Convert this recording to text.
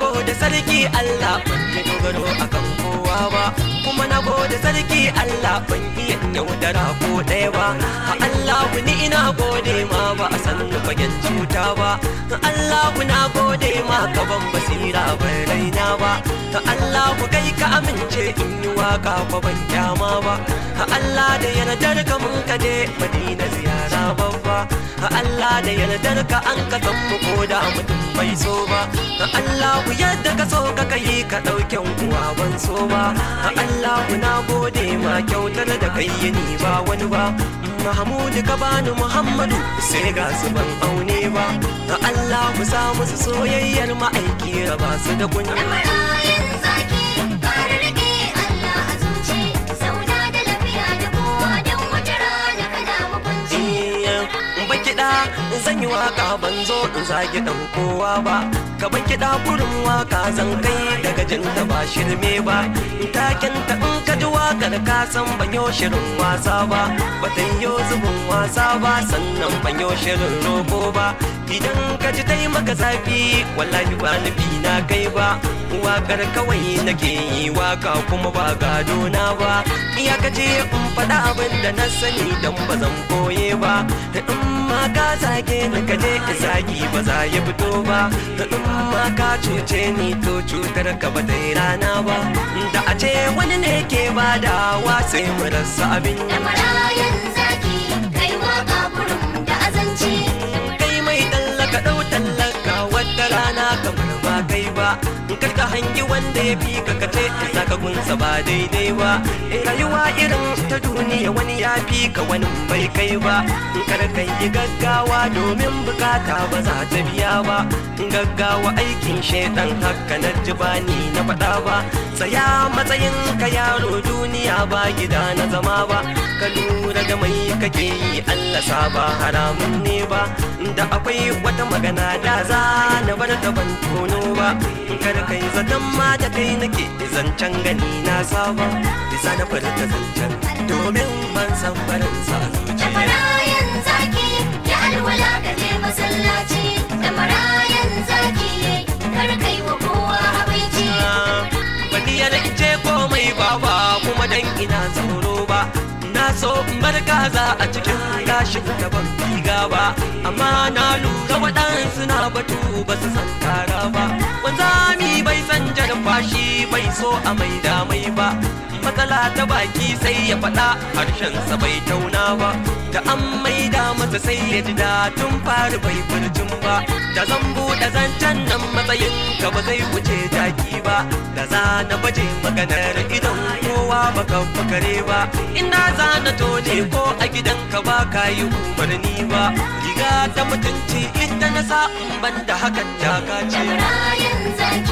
gode sarki Allah ban yi dogaro akan kowa ba kuma na gode sarki Allah ban iya yaudara ko ɗaya ba Allah ni ina gode ma ba a san fagen cuta ba Allah na gode ma ka ban basira ban raina ba Allah ku kai ka amince in yi waka ba ban kyama ba Allah da yana ka mun kade Madina ziyara ba Ka Allah da yardar ka an ka mu ko da mutum bai so ba Ka Allah ku yadda ka so ka kai ka ɗauken kuwa ban so ba Ka Allah ku na gode ma kyautar da kai ni ba wani ba Mahmudu ka bani Muhammadu sai ga su ban aune ba Ka Allah ku samu su soyayyar ma'aiki raba su da kunya zan yi waka ban zo in zage dan kowa ba ka ban da gurin waka zan kai daga jin da ba shirme ba taken ta in ka ji wakar ka san ban yo shirin wasa ba batan yo zubin wasa ba sannan ban yo shirin roƙo ba idan ka ji dai maka zafi wallahi ba nufi na kai ba wakar kawai nake yi waka kuma ba gado na ba iya ka je in faɗa abin da na sani dan ba zan koye ba da in ma ka zage ni ka je ka zagi ba za ya fito ba da in ma ka cuce ni to cutar ka ba ta rana ba da a ce wani ne ke ba da wa sai mu rasa abin kar ka hangi wanda ya fi ka kace ka saka gunsa ba daidai ba e rayuwa irin ta duniya wani ya fi ka wani bai kai ba in kar ka yi gaggawa domin bukata ba za ta biya ba gaggawa aikin shaidan haka na ji ni na faɗa ba tsaya matsayin ka yaro duniya ba gida na zama ba ka lura da mai kake yi Allah saba haramun ne ba da akwai wata magana da za na bar ta ban tono ba kar kai zaton ma da kai nake zancen gani na saba bisa na furta zancen domin ban san farin sa da marayan zaki ya alwala ka je masallaci da marayan zaki kar kai wa kowa abinci ah, baniya na ko mai baba kuma dan ina tsoro ba na so in bar kaza a cikin gashin da ban riga ba amma na lura waɗansu na batu ba su san kara ba wanzami bai san jan fashi bai so a mai da mai ba matsala ta baki sai ya faɗa harshensa bai tauna ba da an maida masa sai ya ji tun faru bai furcin ba da zan buɗe zancen nan matsayin ka ba zai wuce taki ba da za na baje maganar idan kowa baka fakare ba ina zana toje ko a gidan ka ba ka yi umarni ba riga ta mutunci ita na sa ban da hakan ta ce.